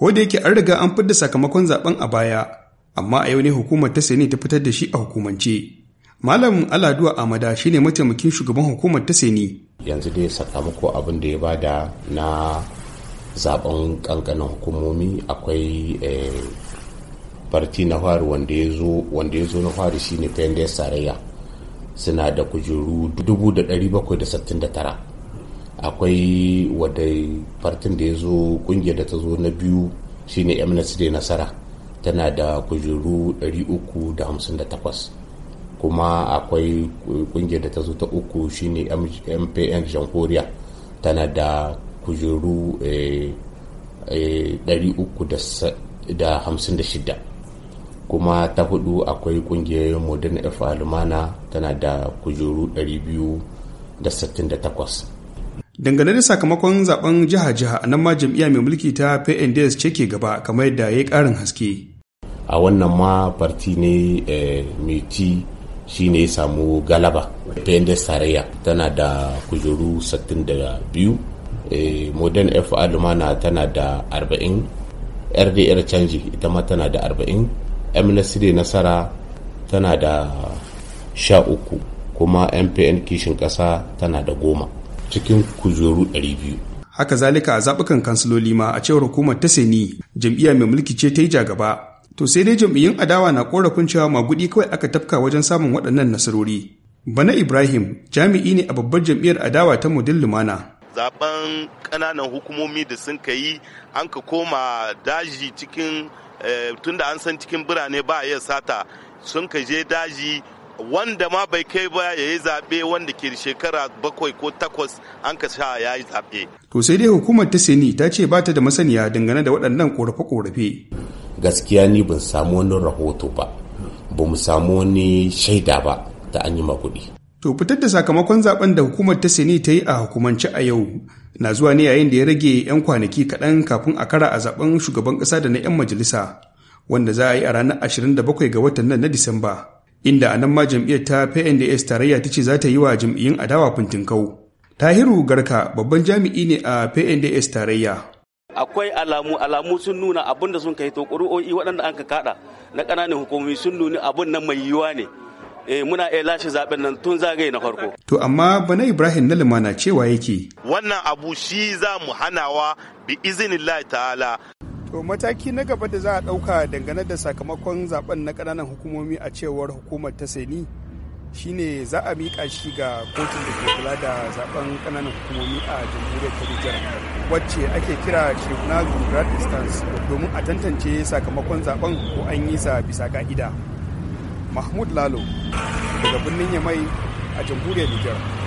ko da yake an riga an fidda sakamakon zaben a baya amma a yau ne hukumar ta seni ta fitar da shi a hukumance malam aladuwa amada shine mataimakin shugaban hukumar ta sani yanzu dai sakamako abin da ya bada na zaben kankanin hukumomi akwai farti eh, na fari wanda ya zo wanda ya zo na fari shine fendes sarayya. suna da kujeru tara. akwai wadda fartin da ya zo kungiyar da ta zo na biyu shine mnc da nasara tana da kujeru 358 kuma akwai kungiyar da ta zo ta uku shine mpn jamhuriya tana da kujeru 356 eh, eh, kuma ta hudu akwai kungiyar modern f alimana tana da kujeru 268 dangane da sakamakon zaben jiha-jiha nan ma jam'iyya mai mulki ta pnds ce ke gaba kamar yadda ya karin haske a wannan ma farti ne eh, mai ci shi ne samu galaba pnds tarayya tana da kujeru 62 eh, modern fa lumana tana da 40 rdr canji ita ma tana da 40 da nasara tana da 13 kuma mpn kishin kasa tana da 10. cikin kujeru 200 haka zalika a zaɓukan kansiloli ma a cewar hukumar ta seni jam'iyya mai mulki ce ta yi jagaba to sai dai jam'iyyun adawa na korafin cewa magudi kawai aka tafka wajen samun waɗannan nasarori bana ibrahim jami'i ne a babbar jam'iyyar adawa ta mudin lumana zaben ƙananan hukumomi da sun ka yi an ka koma daji cikin eh, tunda an san cikin birane ba a iya sata sun ka je daji wanda ma bai kai ba ya yi zaɓe wanda ke shekara bakwai ko takwas an ka sha ya yi zaɓe. To sai dai hukumar ta seni ta ce ba ta da masaniya dangane da waɗannan ƙorafe-ƙorafe. Gaskiya ni ban samu wani rahoto ba, ba mu samu wani shaida ba ta an yi To fitar da sakamakon zaben da hukumar ta seni ta yi a hukumance a yau na zuwa ne yayin da ya rage 'yan kwanaki kaɗan kafin a kara a zaben shugaban ƙasa da na 'yan majalisa wanda za a yi a ranar 27 ga watan nan na Disamba. inda a nan ma jam'iyyar ta pnds tarayya ta ce za ta yi wa jam'iyyun adawa fintinkau tahiru garka babban jami'i ne a pnds tarayya akwai alamu alamu sun nuna abin da sun kai to ƙuri'o'i waɗanda an ka kaɗa na ƙananan hukumomi sun nuna abin nan mai yiwuwa ne eh muna iya lashe zaɓen nan tun zagaye na farko to amma bana ibrahim na limana cewa yake wannan abu shi za mu hanawa bi izinillahi ta'ala To mataki na gaba da za a ɗauka dangane da sakamakon zaben na ƙananan hukumomi a cewar hukumar ta seni shine za a miƙa shi ga kotun da ke kula da zaben ƙananan hukumomi a jamhuriyar ta Nijar wacce ake kira Shekuna zuwa Distance domin a tantance sakamakon zaben ko an yi sa bisa ka'ida. Mahmud Lalo daga birnin Yamai a jamhuriyar Nijar.